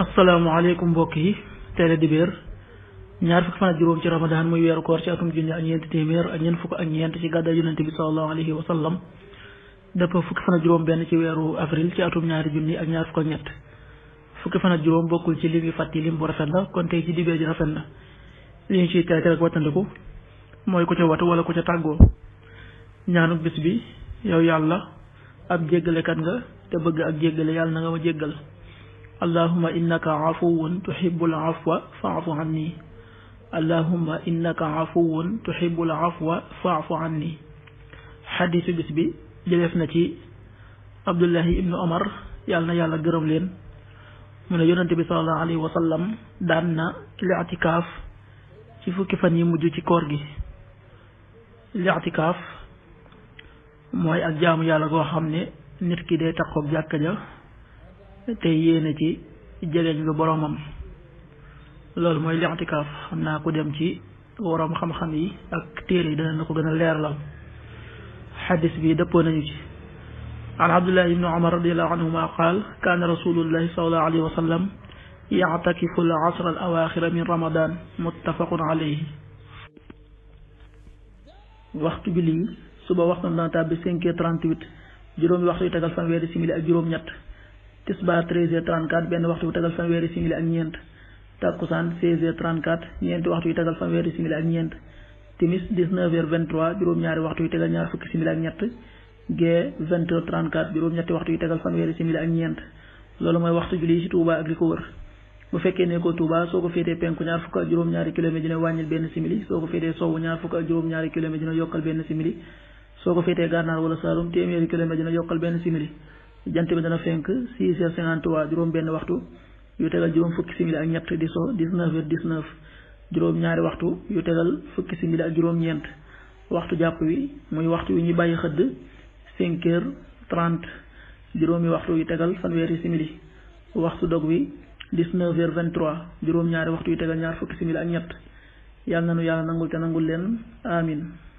asalaamaaleykum mbokk yi teel dibéer ñaar fukki fan juróom ci ramadaan muy weeru koor ci atum junni ak ñeent téeméer ak ñeent fukk ak ñeent ci gàddaay yonente bi salallahu alayhi wa sallam dëpp fukki fan ak juróom benn ci weeru avril ci atum ñaari junni ak ñaar ñett fukki fan juróom bokkul ci lim yu fàtti lim bu rafet na kon tey ci dibéer ji rafet na li ñu ciy teel rek wattandiku mooy ku ca watu wala ku ca tàggoo ñaanu bis bi yow yàlla ab jéggalekat nga te bëgg ak jéggale yàlla na nga allahuma innaka afuwun tuhibbul afwa faafu anni allahuma innaka afuwun tuhibbul afwa faafu anni xadiisu bis bi jëleef na ci abdullahi ibnu omar yàlla na yàlla gërëm leen mu ne yonente bi salallahu alayhi wa sallam daan na li'tikaaf ci fukki fan yi mujj ci koor gi li'tikaaf mooy ak jaamu yàlla goo xam ne nit ki day taxoog jàkka ja te yéene ci jegeñ lu boromam loolu mooy lentikaaf xam naa ko dem ci waroom xam-xam yi ak téere yi dana na ko gën a leerlal xadis bi dëppoo nañu ci an abdullahi ibni omar radiallahu anhuma qaal kaana rasulullahi salallahu alayhi wa sallam yactakifu al asra waxtu bi lii suba waxtu na dana tàbbi cinq heures trente-huit juróomi waxtu yu tegal fanweeri simili ak juróom ñett tisbaar 13h34 benn waxtu bu tegal fanweeri simili ak ñeent takkusaan 16h34 ñeenti waxtu yu tegal fanweeri simili ak ñeent timis 19h23 juróom-ñaari waxtu yu tegal ñaar ak ñetti waxtu yu tegal fanweeri simili ñeent loolu mooy waxtu julli ci Touba ak li ko wër bu fekkee ne ko Touba soo ko féetee penku ñaar fukk ak juróom-ñaari kilomètre dina wàññil benn simili soo ko féetee sowwu ñaar fukk ak juróom-ñaari kilomètre dina yokkal benn simili soo ko féetee gànnaar wala jant bi dana fenk 6 heures 53 juróom benn waxtu yu tegal juróom fukki simili ak ñett di so 19 heures 19 juróom ñaari waxtu yu tegal fukki simili ak juróom ñeent waxtu jàpp wi muy waxtu wi ñuy bàyyi xëdd 5 heures juróom juróomi waxtu yu tegal fanweeri simili waxtu dog wi 19 heures 23 juróom ñaari waxtu yu tegal ñaar fukki simili ak ñett yàlla na nu yàlla nangul te nangul leen amin